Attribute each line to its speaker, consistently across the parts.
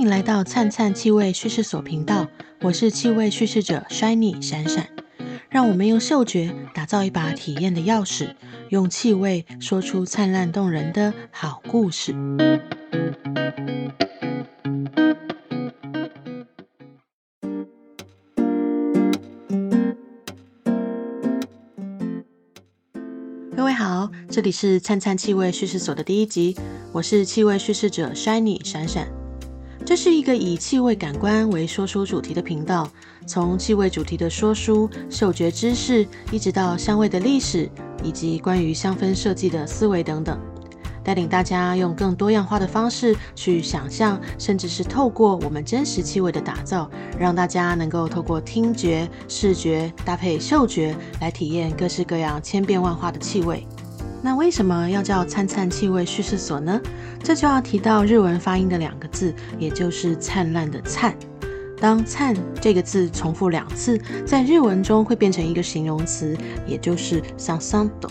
Speaker 1: 歡迎來到燦燦氣味敘事所頻道，我是氣味敘事者 Shiny 閃閃。讓我們用嗅覺打造一把體驗的鑰匙，用氣味說出燦爛動人的好故事。各位好，這裡是燦燦氣味敘事所的第一集，我是氣味敘事者 Shiny 閃閃。這是一個以氣味感官為說書主題的頻道，從氣味主題的說書、嗅覺知識，一直到香味的歷史以及關於香氛設計的思維等等，帶領大家用更多樣化的方式去想象，甚至是透過我們真實氣味的打造，讓大家能夠透過聽覺、視覺搭配嗅覺來體驗各式各樣千變萬化的氣味。那為什麼要叫燦燦氣味敘事所呢？這就要提到日文發音的兩個字，也就是燦爛的“燦”。當“燦”這個字重複兩次，在日文中會變成一個形容詞，也就是“サンサンと”。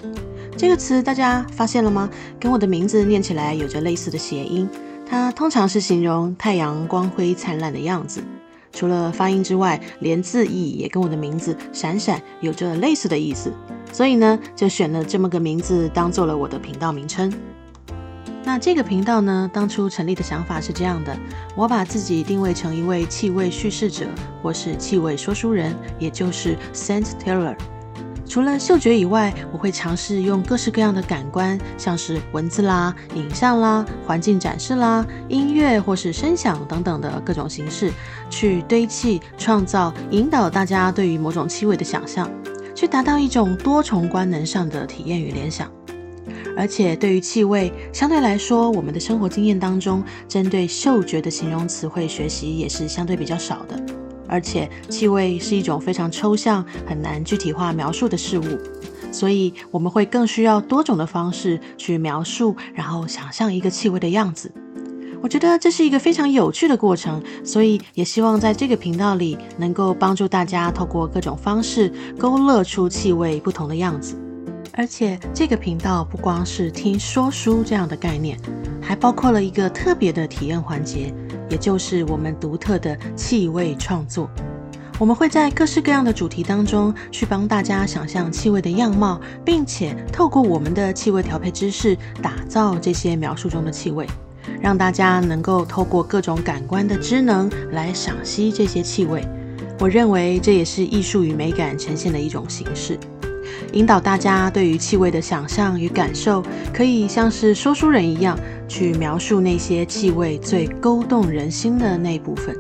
Speaker 1: 這個詞大家發現了嗎？跟我的名字念起來有着類似的諧音。它通常是形容太陽光輝燦爛的樣子。除了發音之外，連字意也跟我的名字“閃閃”有着類似的意思。所以呢，就選了這麼個名字當做了我的頻道名稱。那這個頻道呢，當初成立的想法是這樣的：我把自己定位成一位氣味敘事者，或是氣味說書人，也就是 Scent Teller。除了嗅覺以外，我會嘗試用各式各樣的感官，像是文字啦、影像啦、環境展示啦、音樂或是聲響等等的各種形式，去堆砌、創造、引導大家對於某種氣味的想象，去達到一種多重官能上的體驗與聯想。而且對於氣味，相對來說，我們的生活經驗當中，針對嗅覺的形容詞彙學習也是相對比較少的。而且氣味是一種非常抽象、很難具體化描述的事物，所以我們會更需要多種的方式去描述，然後想象一個氣味的樣子。我覺得這是一個非常有趣的過程，所以也希望在這個頻道裡能夠幫助大家，透過各種方式勾勒出氣味不同的樣子。而且這個頻道不光是聽說書這樣的概念，還包括了一個特別的體驗環節，也就是我們獨特的氣味創作。我們會在各式各樣的主題當中，去幫大家想象氣味的樣貌，並且透過我們的氣味調配知識，打造這些描述中的氣味，讓大家能夠透過各種感官的知能來賞析這些氣味。我認為這也是藝術與美感呈現的一種形式。引導大家對於氣味的想象與感受，可以像是說書人一樣去描述那些氣味最勾動人心的那部分，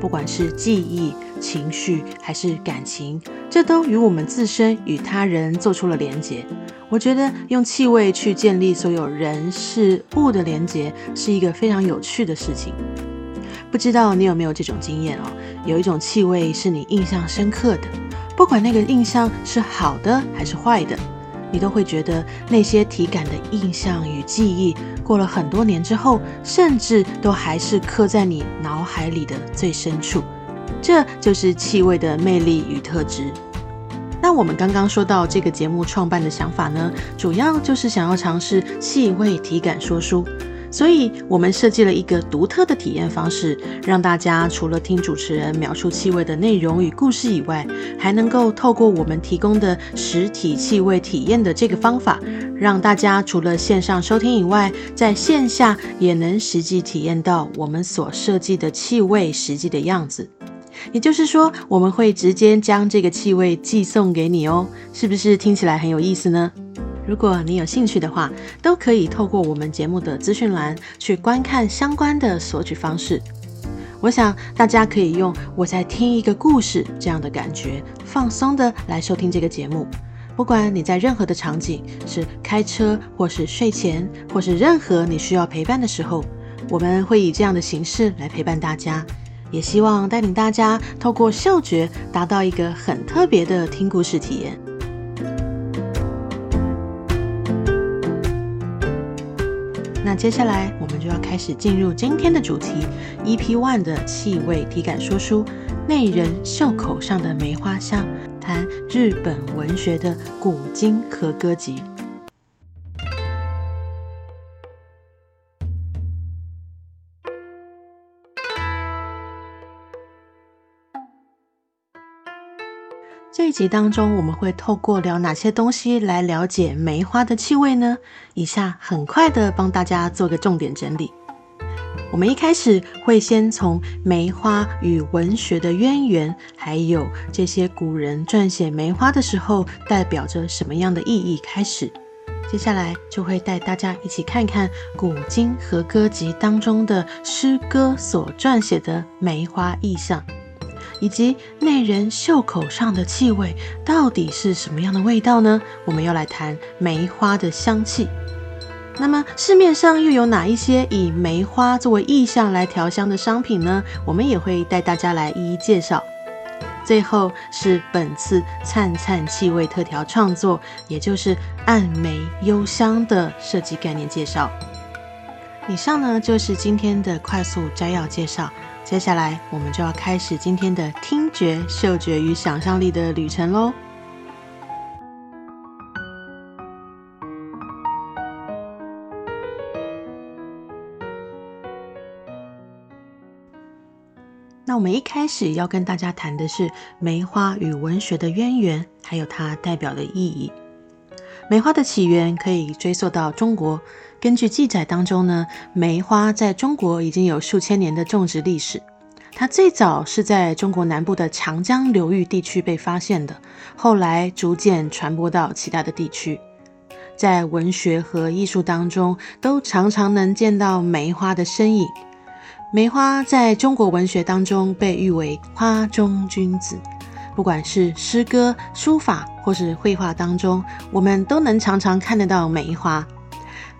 Speaker 1: 不管是記憶、情緒還是感情，這都與我們自身與他人做出了連結。我覺得用氣味去建立所有人事物的連結是一個非常有趣的事情。不知道你有沒有這種經驗哦？有一種氣味是你印象深刻的。不管那個印象是好的還是壞的，你都會覺得那些體感的印象與記憶，過了很多年之後，甚至都還是刻在你腦海裡的最深處。這就是氣味的魅力與特質。那我們剛剛說到這個節目創辦的想法呢，主要就是想要嘗試氣味體感說書。所以，我們設計了一個獨特的體驗方式，讓大家除了聽主持人描述氣味的內容與故事以外，還能夠透過我們提供的實體氣味體驗的這個方法，讓大家除了線上收聽以外，在線下也能實際體驗到我們所設計的氣味實際的樣子。也就是說，我們會直接將這個氣味寄送給你哦，是不是聽起來很有意思呢？如果你有興趣的話，都可以透過我們節目的資訊欄去觀看相關的索取方式。我想大家可以用我在聽一個故事這樣的感覺，放鬆的來收聽這個節目。不管你在任何的場景，是開車或是睡前，或是任何你需要陪伴的時候，我們會以這樣的形式來陪伴大家，也希望帶領大家透過嗅覺達到一個很特別的聽故事體驗。那接下來，我們就要開始進入今天的主題：EP One 的氣味體感說書，那人袖口上的梅花香，談日本文學的古今和歌集。這集當中，我們會透過聊哪些東西來了解梅花的氣味呢？以下很快地幫大家做個重點整理。我們一開始會先從梅花與文學的淵源，還有這些古人撰寫梅花的時候代表着什麼樣的意義開始。接下來就會帶大家一起看看古今和歌集當中的詩歌所撰寫的梅花意象。以及那人袖口上的氣味到底是什麼樣的味道呢？我們要來談梅花的香氣。那麼市面上又有哪一些以梅花作為意象來調香的商品呢？我們也會帶大家來一一介紹。最後是本次燦燦氣味特調創作，也就是暗梅幽香的設計概念介紹。以上呢就是今天的快速摘要介紹。接下來，我們就要開始今天的聽覺、嗅覺與想象力的旅程嘍。那我們一開始要跟大家談的是梅花與文學的淵源，還有它代表的意義。梅花的起源可以追溯到中國。根據記載當中呢，梅花在中國已經有數千年的種植歷史。它最早是在中國南部的長江流域地區被發現的，後來逐漸傳播到其他的地區。在文學和藝術當中，都常常能見到梅花的身影。梅花在中國文學當中被譽為“花中君子”。不管是詩歌、書法或是繪畫當中，我們都能常常看得到梅花。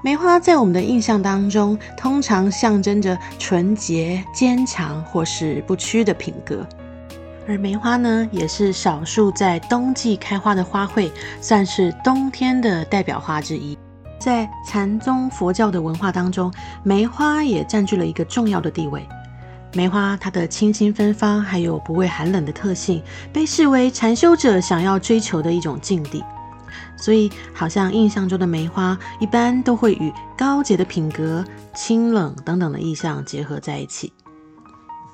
Speaker 1: 梅花在我們的印象當中，通常象徵着純潔、堅強或是不屈的品格。而梅花呢，也是少數在冬季開花的花卉，算是冬天的代表花之一。在禪宗佛教的文化當中，梅花也佔據了一個重要的地位。梅花它的清新芬芳，還有不畏寒冷的特性，被視為禪修者想要追求的一種境地。所以，好像印象中的梅花，一般都會與高潔的品格、清冷等等的意象結合在一起。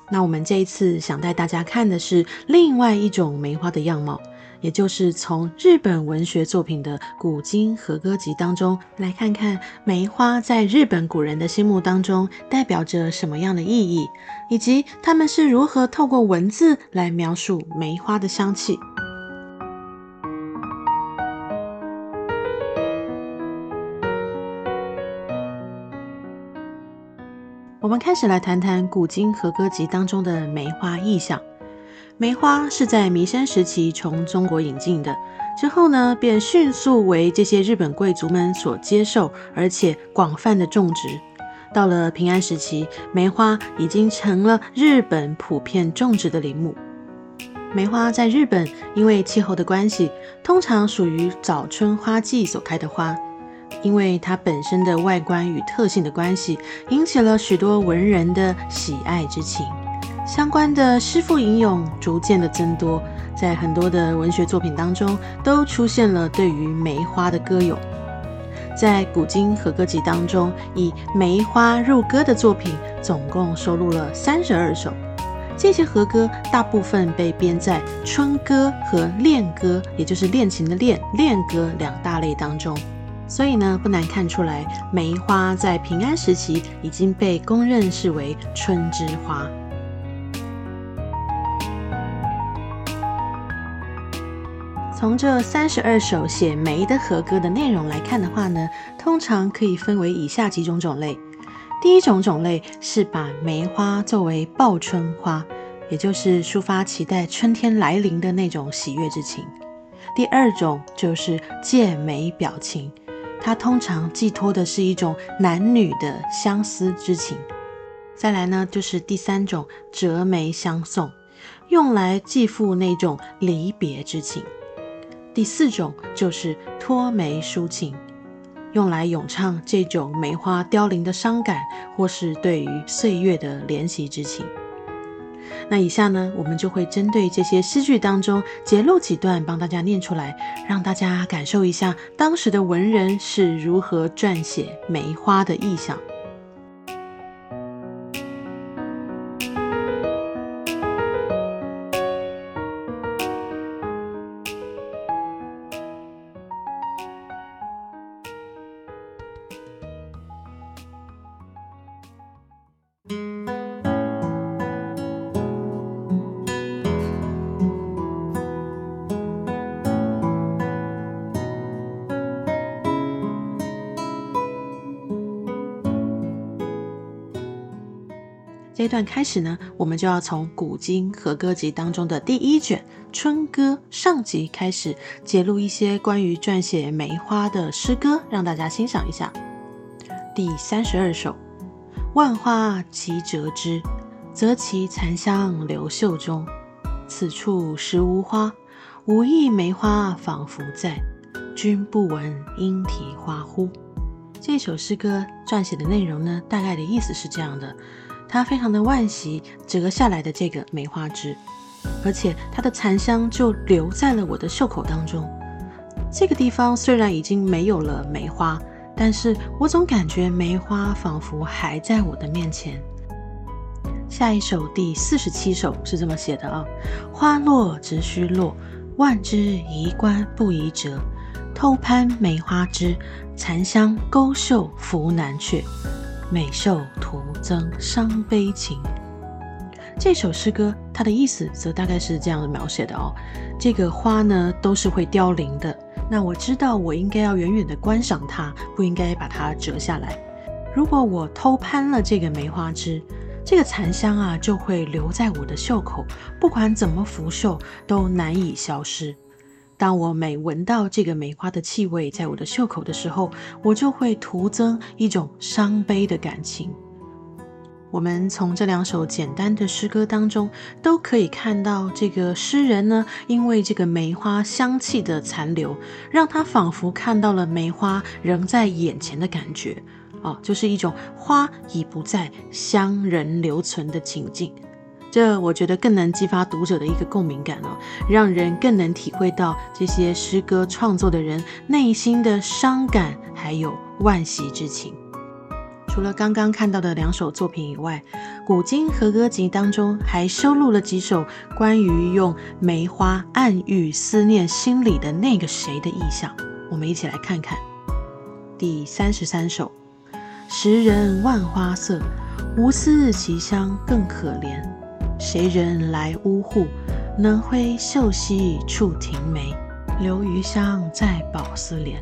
Speaker 1: 那我們這一次想帶大家看的是另外一種梅花的樣貌。也就是從日本文學作品的古今和歌集當中來看看梅花在日本古人的心目當中代表着什麼樣的意義，以及他們是如何透過文字來描述梅花的香氣。 我們開始來談談古今和歌集當中的梅花意象。梅花是在彌生時期從中國引進的，之後呢，便迅速為這些日本貴族們所接受，而且廣泛的種植。到了平安時期，梅花已經成了日本普遍種植的林木。梅花在日本因為氣候的關係，通常屬於早春花季所開的花，因為它本身的外觀與特性的關係，引起了許多文人的喜愛之情。相關的詩賦吟詠逐漸的增多，在很多的文學作品當中都出現了對於梅花的歌詠。在古今和歌集當中，以梅花入歌的作品總共收錄了三十二首。這些和歌大部分被編在春歌和戀歌，也就是戀情的戀戀歌兩大類當中。所以呢，不難看出來，梅花在平安時期已經被公認視為春之花。從這三十二首寫梅的和歌的內容來看的話呢，通常可以分為以下幾種種類。第一種種類是把梅花作為報春花，也就是抒發期待春天來臨的那種喜悅之情。第二種就是借梅表情，它通常寄托的是一種男女的相思之情。再來呢，就是第三種折梅相送，用來寄付那種離別之情。第四種就是托梅抒情，用來詠唱這種梅花凋零的傷感，或是對於歲月的憐惜之情。那以下呢，我們就會針對這些詩句當中截錄幾段，幫大家念出來，讓大家感受一下當時的文人是如何撰寫梅花的意象。段開始呢，我們就要從《古今和歌集》當中的第一卷《春歌》上集開始，揭露一些關於撰寫梅花的詩歌，讓大家欣賞一下。第三十二首，《萬花齊折枝，折其殘香留袖中。此處實無花，無意梅花仿佛在。君不聞鶯啼花呼。》這首詩歌撰寫的內容呢，大概的意思是這樣的。它非常的惋惜折下來的這個梅花枝，而且它的殘香就留在了我的袖口當中。這個地方雖然已經沒有了梅花，但是我總感覺梅花仿佛還在我的面前。下一首第四十七首是這麼寫的啊：花落只需落，萬枝宜觀不宜折。偷攀梅花枝，殘香勾袖拂難去。美秀徒增傷悲情。這首詩歌，它的意思則大概是這樣的描寫的哦。這個花呢，都是會凋零的。那我知道，我應該要遠遠的觀賞它，不應該把它折下來。如果我偷攀了這個梅花枝，這個殘香啊，就會留在我的袖口，不管怎麼拂袖，都難以消失。當我每聞到這個梅花的氣味在我的袖口的時候，我就會徒增一種傷悲的感情。我們從這兩首簡單的詩歌當中，都可以看到這個詩人呢，因為這個梅花香氣的殘留，讓他仿佛看到了梅花仍在眼前的感覺，哦，就是一種花已不在，香仍留存的情境。這我覺得更能激發讀者的一個共鳴感哦，讓人更能體會到這些詩歌創作的人內心的傷感還有惋惜之情。除了剛剛看到的兩首作品以外，古今和歌集當中還收錄了幾首關於用梅花暗喻思念心裡的那個誰的意象。我們一起來看看第三十三首：時人萬花色，無似其香更可憐。誰人來屋戶，能揮秀息觸庭梅，留餘香在寶絲簾。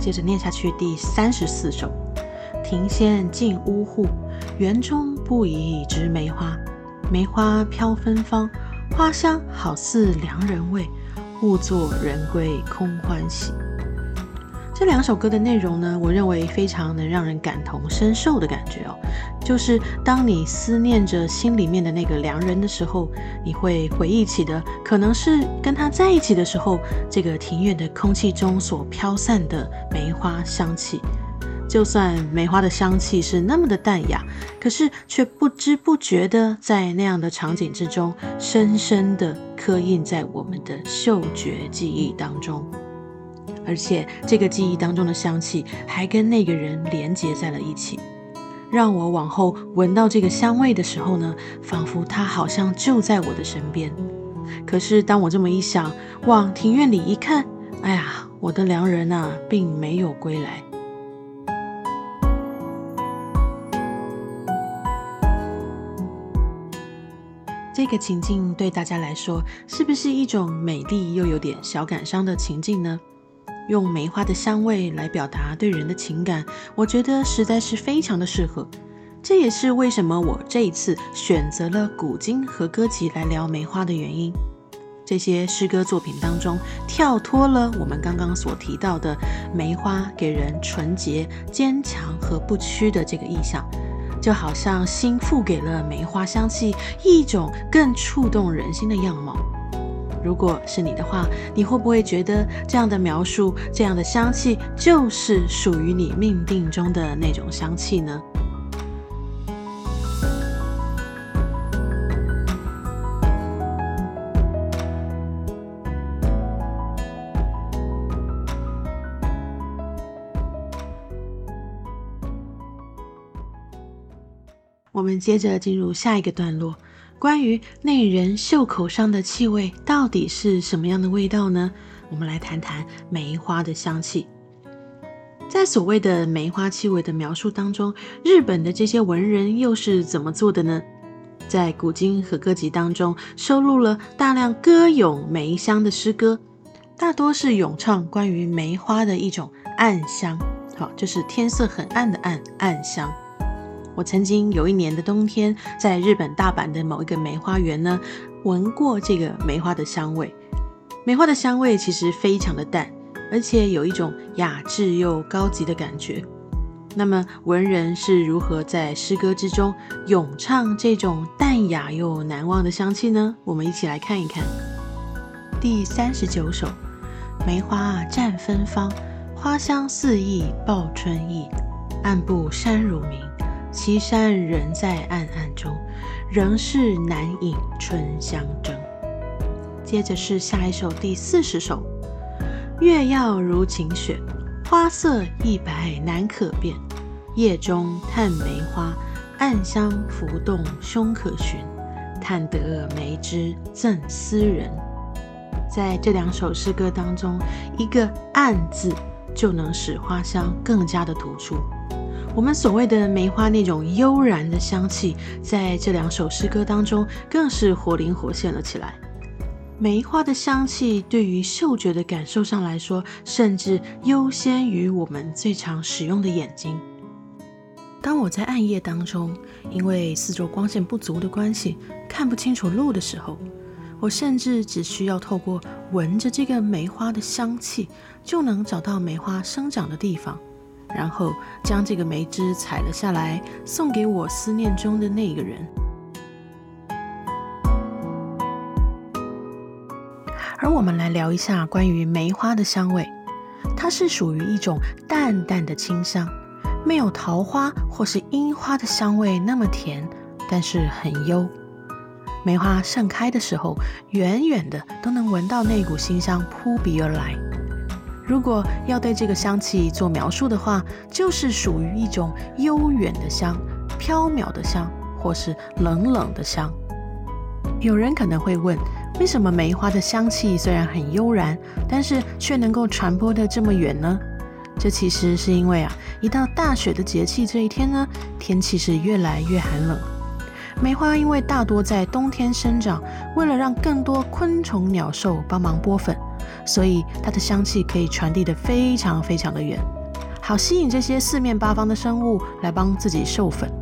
Speaker 1: 接着念下去，第三十四首：庭前進烏戶，園中不移植梅花。梅花飄芬芳，花香好似良人味，物作人歸空歡喜。這兩首歌的內容呢，我認為非常能讓人感同身受的感覺哦。就是當你思念着心裡面的那個良人的時候，你會回憶起的，可能是跟他在一起的時候，這個庭院的空氣中所飄散的梅花香氣。就算梅花的香氣是那麼的淡雅，可是卻不知不覺的在那樣的場景之中，深深的刻印在我們的嗅覺記憶當中。而且這個記憶當中的香氣，還跟那個人連接在了一起。讓我往後聞到這個香味的時候呢，仿佛他好像就在我的身邊。可是當我這麼一想，往庭院裡一看，哎呀，我的良人吶、啊，並沒有歸來。這個情境對大家來說，是不是一種美麗又有點小感傷的情境呢？用梅花的香味來表達對人的情感，我覺得實在是非常的適合。這也是為什麼我這一次選擇了古今和歌集來聊梅花的原因。這些詩歌作品當中，跳脫了我們剛剛所提到的梅花給人純潔、堅強和不屈的這個意象，就好像心賦給了梅花香氣一種更觸動人心的樣貌。如果是你的話，你會不會覺得這樣的描述，這樣的香氣，就是屬於你命定中的那種香氣呢？ 我們接着進入下一個段落。關於那人袖口上的氣味到底是什麼樣的味道呢？我們來談談梅花的香氣。在所謂的梅花氣味的描述當中，日本的這些文人又是怎麼做的呢？在古今和歌集當中收錄了大量歌詠梅香的詩歌，大多是詠唱關於梅花的一種暗香。好，就是天色很暗的暗，暗香。我曾經有一年的冬天，在日本大阪的某一個梅花園呢，聞過這個梅花的香味。梅花的香味其實非常的淡，而且有一種雅致又高級的感覺。那麼文人是如何在詩歌之中詠唱這種淡雅又難忘的香氣呢？我們一起來看一看。第三十九首，梅花啊，綻芬芳，花香四溢，報春意，暗部山如明。岐山人在暗暗中，仍是難隱春香爭。接着是下一首，第四十首：月耀如晴雪，花色亦白難可辨。夜中探梅花，暗香浮動胸可尋。探得梅枝贈斯人。在這兩首詩歌當中，一個“暗”字就能使花香更加的突出。我們所謂的梅花那種悠然的香氣，在這兩首詩歌當中，更是活靈活現了起來。梅花的香氣對於嗅覺的感受上來說，甚至優先於我們最常使用的眼睛。當我在暗夜當中，因為四周光線不足的關係，看不清楚路的時候，我甚至只需要透過聞着這個梅花的香氣，就能找到梅花生長的地方。然後將這個梅枝採了下來，送給我思念中的那個人。而我們來聊一下關於梅花的香味，它是屬於一種淡淡的清香，沒有桃花或是櫻花的香味那麼甜，但是很幽。梅花盛開的時候，遠遠的都能聞到那股馨香撲鼻而來。如果要對這個香氣做描述的話，就是屬於一種幽遠的香、飄渺的香，或是冷冷的香。有人可能會問，為什麼梅花的香氣雖然很悠然，但是卻能夠傳播得這麼遠呢？這其實是因為啊，一到大雪的節氣這一天呢，天氣是越來越寒冷，梅花因為大多在冬天生長，為了讓更多昆蟲、鳥獸幫忙播粉。所以它的香氣可以傳遞的非常非常的遠，好吸引這些四面八方的生物來幫自己授粉。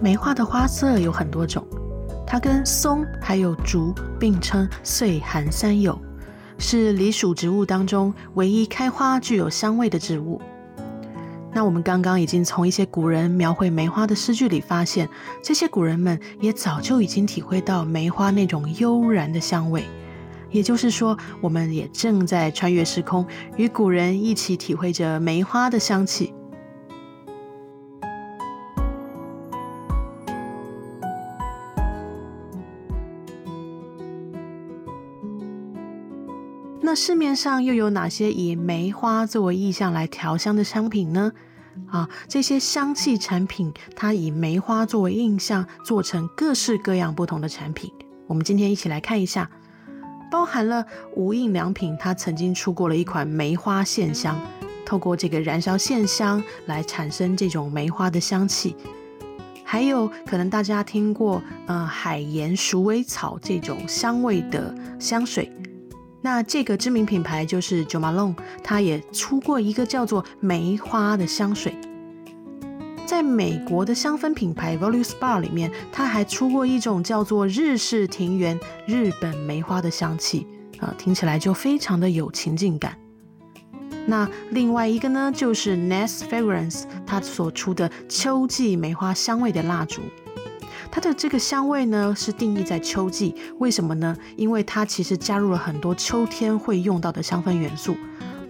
Speaker 1: 梅花的花色有很多種，它跟松還有竹並稱歲寒三友，是李屬植物當中唯一開花具有香味的植物。那我們剛剛已經從一些古人描繪梅花的詩句裡發現，這些古人們也早就已經體會到梅花那種悠然的香味。也就是說，我們也正在穿越時空，與古人一起體會着梅花的香氣。那市面上又有哪些以梅花作為意象來調香的商品呢？啊，這些香氣產品，它以梅花作為印象，做成各式各樣不同的產品。我們今天一起來看一下。包含了無印良品，它曾經出過了一款梅花線香，透過這個燃燒線香來產生這種梅花的香氣。還有可能大家聽過，呃，海鹽鼠尾草這種香味的香水。那這個知名品牌就是 Jo Malone，它也出過一個叫做梅花的香水。在美國的香氛品牌 Voluspa 裡面，它還出過一種叫做“日式庭園”日本梅花的香氣，啊、呃，聽起來就非常的有情境感。那另外一個呢，就是 NEST Fragrance 它所出的秋季梅花香味的蠟燭，它的這個香味呢是定義在秋季，為什麼呢？因為它其實加入了很多秋天會用到的香氛元素。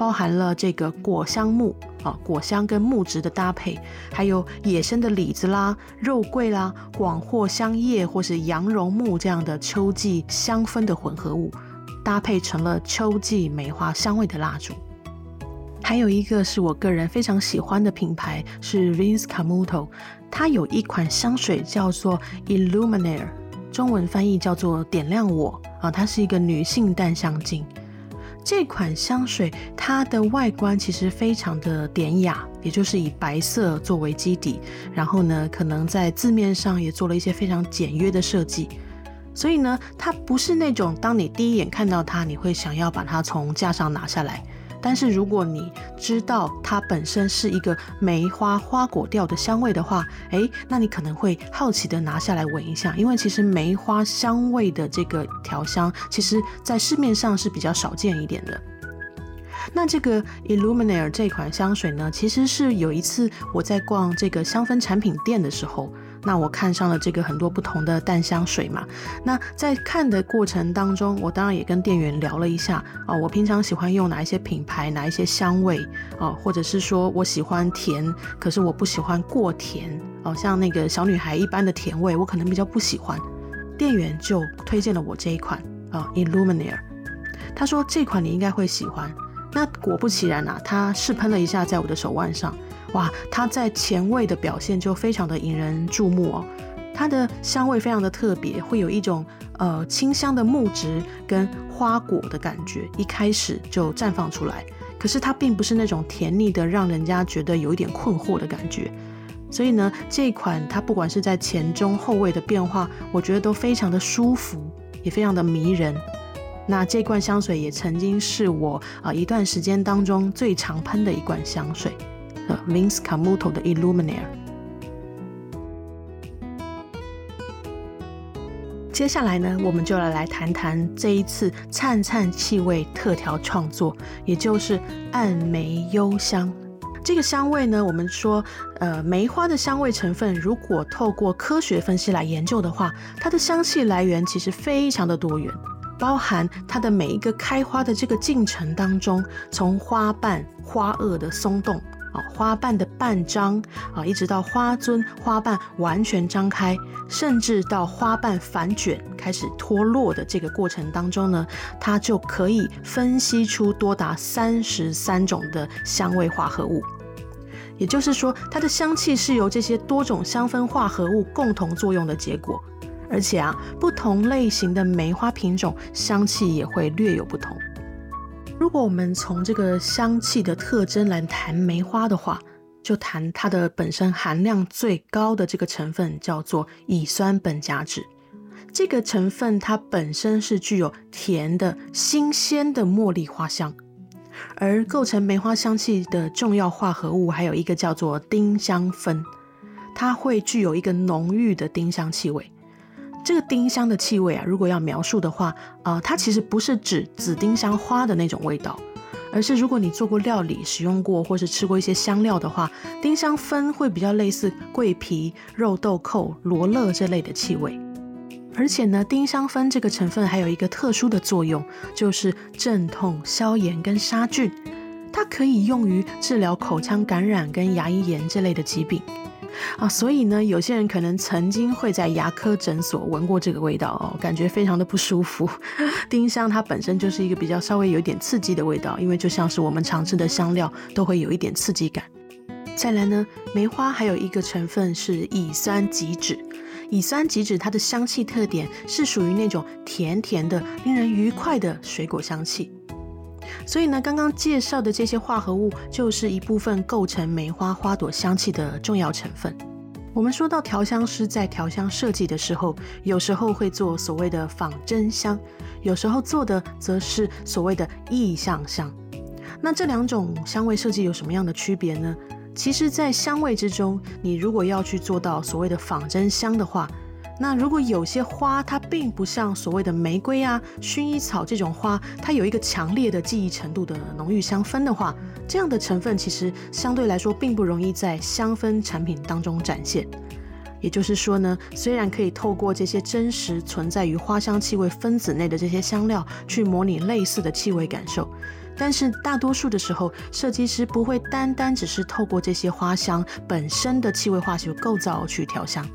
Speaker 1: 包含了這個果香木啊，果香跟木質的搭配，還有野生的李子啦、肉桂啦、廣藿香葉或是羊絨木這樣的秋季香氛的混合物，搭配成了秋季梅花香味的蠟燭。還有一個是我個人非常喜歡的品牌是 Vince Camuto 它有一款香水叫做 Illuminare，中文翻譯叫做點亮我啊，它是一個女性淡香精。這款香水它的外觀其實非常的典雅，也就是以白色作為基底，然後呢，可能在字面上也做了一些非常簡約的設計，所以呢，它不是那種當你第一眼看到它，你會想要把它從架上拿下來。但是如果你知道它本身是一個梅花花果調的香味的話，誒，那你可能會好奇的拿下來聞一下，因為其實梅花香味的這個調香，其實在市面上是比較少見一點的。那這個 Illuminare 這款香水呢，其實是有一次我在逛這個香氛產品店的時候。那我看上了這個很多不同的淡香水嘛，那在看的過程當中，我當然也跟店員聊了一下啊、呃，我平常喜歡用哪一些品牌，哪一些香味啊、呃，或者是說我喜歡甜，可是我不喜歡過甜哦、呃，像那個小女孩一般的甜味，我可能比較不喜歡。店員就推薦了我這一款啊、呃，Illuminaire，他說這款你應該會喜歡。那果不其然吶、啊，他試噴了一下在我的手腕上。哇，它在前味的表現就非常的引人注目哦，它的香味非常的特別，會有一種呃清香的木質跟花果的感覺，一開始就綻放出來。可是它並不是那種甜膩的，讓人家覺得有一點困惑的感覺。所以呢，這一款它不管是在前中後味的變化，我覺得都非常的舒服，也非常的迷人。那這罐香水也曾經是我啊、呃、一段時間當中最常噴的一罐香水。Winska Muto 的 Illuminair。Uto, Ill um、接下來呢，我們就來來談談這一次燦燦氣味特調創作，也就是暗梅幽香。這個香味呢，我們說，呃，梅花的香味成分，如果透過科學分析來研究的話，它的香氣來源其實非常的多元，包含它的每一個開花的這個進程當中，從花瓣、花萼的鬆動。啊、哦，花瓣的半張啊、哦，一直到花尊花瓣完全張開，甚至到花瓣反卷開始脫落的這個過程當中呢，它就可以分析出多達三十三種的香味化合物。也就是說，它的香氣是由這些多種香氛化合物共同作用的結果。而且啊，不同類型的梅花品種香氣也會略有不同。如果我們從這個香氣的特徵來談梅花的話，就談它的本身含量最高的這個成分叫做乙酸苯甲酯。這個成分它本身是具有甜的新鮮的茉莉花香，而構成梅花香氣的重要化合物還有一個叫做丁香酚，它會具有一個濃郁的丁香氣味。這個丁香的氣味啊，如果要描述的話，啊、呃，它其實不是指紫丁香花的那種味道，而是如果你做過料理，使用過或是吃過一些香料的話，丁香酚會比較類似桂皮、肉豆蔻、羅勒這類的氣味。而且呢，丁香酚這個成分還有一個特殊的作用，就是鎮痛、消炎跟殺菌，它可以用於治療口腔感染跟牙齦炎這類的疾病。啊，所以呢，有些人可能曾經會在牙科診所聞過這個味道哦，感覺非常的不舒服。丁香它本身就是一個比較稍微有點刺激的味道，因為就像是我們常吃的香料都會有一點刺激感。再來呢，梅花還有一個成分是乙酸己酯，乙酸己酯它的香氣特點是屬於那種甜甜的、令人愉快的水果香氣。所以呢，剛剛介紹的這些化合物，就是一部分構成梅花花朵香氣的重要成分。我們說到調香師在調香設計的時候，有時候會做所謂的仿真香，有時候做的則是所謂的意象香。那這兩種香味設計有什麼樣的區別呢？其實在香味之中，你如果要去做到所謂的仿真香的話，那如果有些花，它並不像所謂的玫瑰啊、薰衣草這種花，它有一個強烈的記憶程度的濃郁香氛的話，這樣的成分其實相對來說並不容易在香氛產品當中展現。也就是說呢，雖然可以透過這些真實存在於花香氣味分子內的這些香料去模擬類似的氣味感受，但是大多數的時候，設計師不會單單只是透過這些花香本身的氣味化學構造去調香。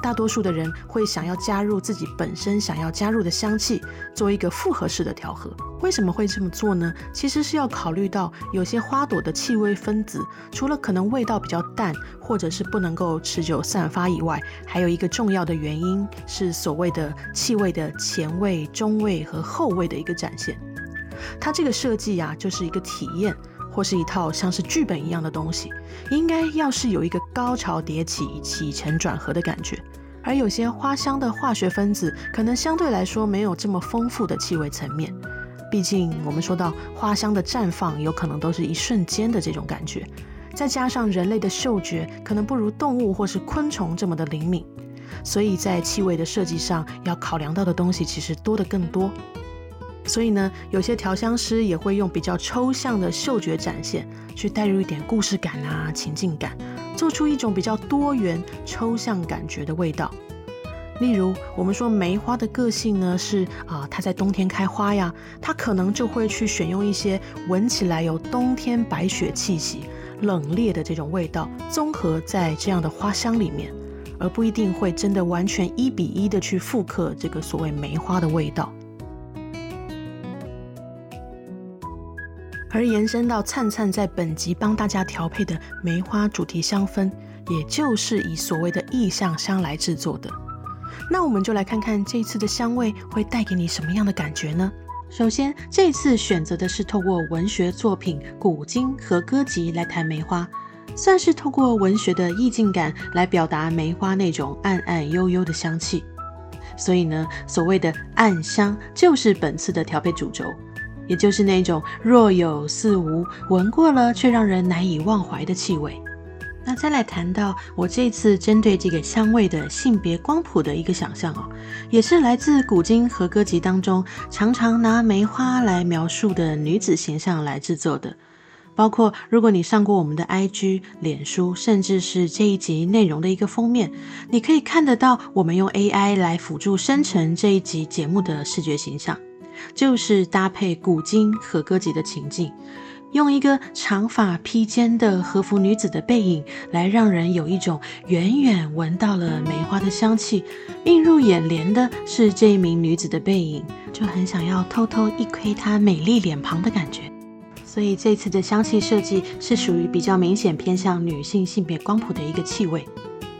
Speaker 1: 大多數的人會想要加入自己本身想要加入的香氣，做一個複合式的調和。為什麼會這麼做呢？其實是要考慮到有些花朵的氣味分子，除了可能味道比較淡，或者是不能夠持久散發以外，還有一個重要的原因是所謂的氣味的前味、中味和後味的一個展現。它這個設計啊，就是一個體驗，或是一套像是劇本一樣的東西，應該要是有一個高潮迭起、起承轉合的感覺。而有些花香的化學分子可能相對來說沒有這麼豐富的氣味層面，畢竟我們說到花香的綻放，有可能都是一瞬間的這種感覺，再加上人類的嗅覺可能不如動物或是昆蟲這麼的靈敏，所以在氣味的設計上要考量到的東西其實多得更多。所以呢，有些調香師也會用比較抽象的嗅覺展現，去帶入一點故事感啊、情境感，做出一種比較多元、抽象感覺的味道。例如，我們說梅花的個性呢是啊、呃，它在冬天開花呀，它可能就會去選用一些聞起來有冬天白雪氣息、冷冽的這種味道，綜合在這樣的花香裡面，而不一定會真的完全一比一的去復刻這個所謂梅花的味道。而延伸到燦燦在本集幫大家調配的梅花主題香氛，也就是以所謂的意象香來制作的。那我們就來看看這次的香味會帶給你什麼樣的感覺呢？首先，這次選擇的是透過文學作品、古今和歌集來談梅花，算是透過文學的意境感來表達梅花那種暗暗幽幽的香氣。所以呢，所謂的暗香就是本次的調配主軸。也就是那種若有似無、聞過了卻讓人難以忘懷的氣味。那再來談到我這次針對這個香味的性別光譜的一個想象哦，也是來自古今和歌集當中常常拿梅花來描述的女子形象來製作的。包括如果你上過我們的 IG、臉書，甚至是這一集內容的一個封面，你可以看得到我們用 AI 來輔助生成這一集節目的視覺形象。就是搭配古今和歌集的情境，用一個長髮披肩的和服女子的背影來讓人有一種遠遠聞到了梅花的香氣。映入眼簾的是這一名女子的背影，就很想要偷偷一窺她美麗臉龐的感覺。所以這次的香氣設計是屬於比較明顯偏向女性性別光譜的一個氣味。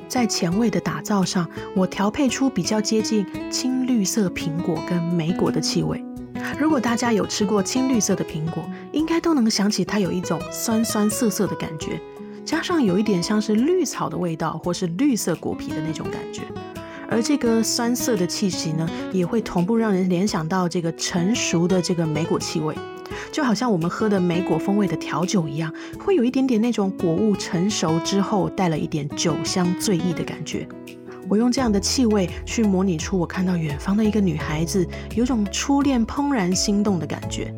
Speaker 1: 在前味的打造上，我調配出比較接近青綠色蘋果跟莓果的氣味。如果大家有吃過青綠色的蘋果，應該都能想起它有一種酸酸澀澀的感覺，加上有一點像是綠草的味道，或是綠色果皮的那種感覺。而這個酸澀的氣息呢，也會同步讓人聯想到這個成熟的這個莓果氣味，就好像我們喝的莓果風味的調酒一樣，會有一點點那種果物成熟之後帶了一點酒香醉意的感覺。我用這樣的氣味去模擬出我看到遠方的一個女孩子，有種初戀怦然心動的感覺。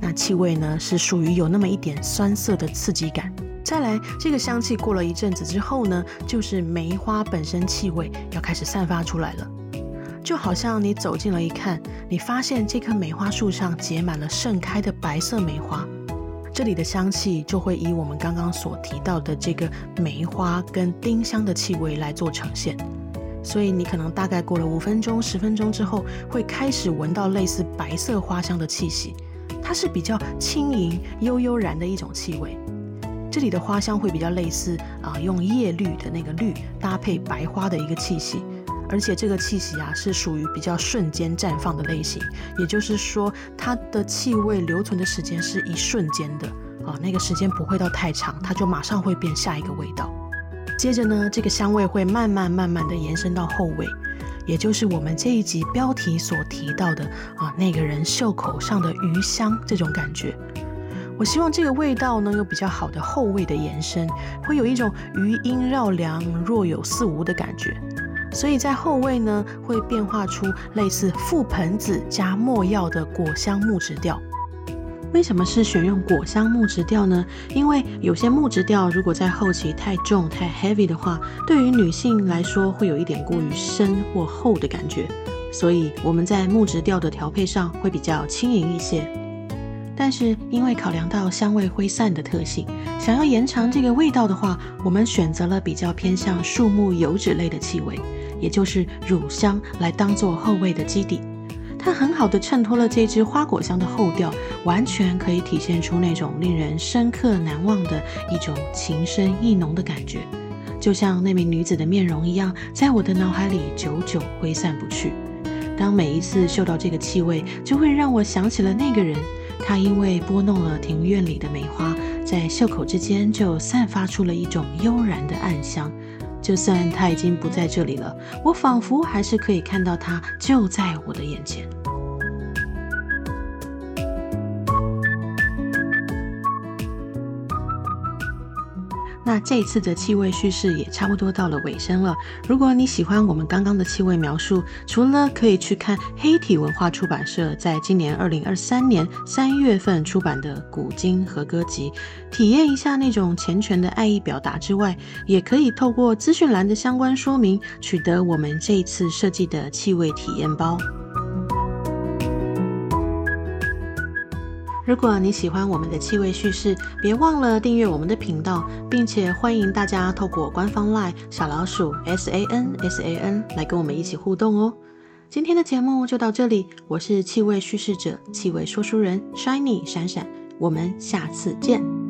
Speaker 1: 那氣味呢，是屬於有那麼一點酸澀的刺激感。再來，這個香氣過了一陣子之後呢，就是梅花本身氣味要開始散發出來了，就好像你走近了一看，你發現這棵梅花樹上結滿了盛開的白色梅花，這裡的香氣就會以我們剛剛所提到的這個梅花跟丁香的氣味來做呈現。所以你可能大概過了五分鐘、十分鐘之後，會開始聞到類似白色花香的氣息。它是比較輕盈、悠悠然的一種氣味。這裡的花香會比較類似啊、呃，用葉綠的那個綠搭配白花的一個氣息。而且這個氣息啊，是屬於比較瞬間綻放的類型。也就是說，它的氣味留存的時間是一瞬間的啊、呃，那個時間不會到太長，它就馬上會變下一個味道。接着呢，這個香味會慢慢慢慢的延伸到後味，也就是我們這一集標題所提到的啊，那個人袖口上的餘香這種感覺。我希望這個味道呢，有比較好的後味的延伸，會有一種餘音繞梁、若有似無的感覺。所以在後味呢，會變化出類似覆盆子加沒藥的果香木質調。為什麼是選用果香木質調呢？因為有些木質調如果在後期太重太 heavy 的話，對於女性來說會有一點過於深或厚的感覺，所以我們在木質調的調配上會比較輕盈一些。但是因為考量到香味揮散的特性，想要延長這個味道的話，我們選擇了比較偏向樹木油脂類的氣味，也就是乳香來當做後味的基底。它很好的襯托了這支花果香的後調，完全可以體現出那種令人深刻難忘的一種情深意濃的感覺，就像那名女子的面容一樣，在我的腦海裡久久揮散不去。當每一次嗅到這個氣味，就會讓我想起了那個人。他因為撥弄了庭院裡的梅花，在袖口之間就散發出了一種悠然的暗香。就算他已經不在這裡了，我仿佛還是可以看到他就在我的眼前。那這次的氣味敘事也差不多到了尾聲了。如果你喜歡我們剛剛的氣味描述，除了可以去看黑體文化出版社在今年二零二三年三月份出版的《古今和歌集》，體驗一下那種繾綣的愛意表達之外，也可以透過資訊欄的相關說明，取得我們這一次設計的氣味體驗包。如果你喜歡我們的氣味敘事，別忘了訂閱我們的頻道，並且歡迎大家透過官方 LINE，小老鼠 S A N S A N 來跟我們一起互動哦。今天的節目就到這裡，我是氣味敘事者、氣味說書人 Shiny 閃閃，我們下次見。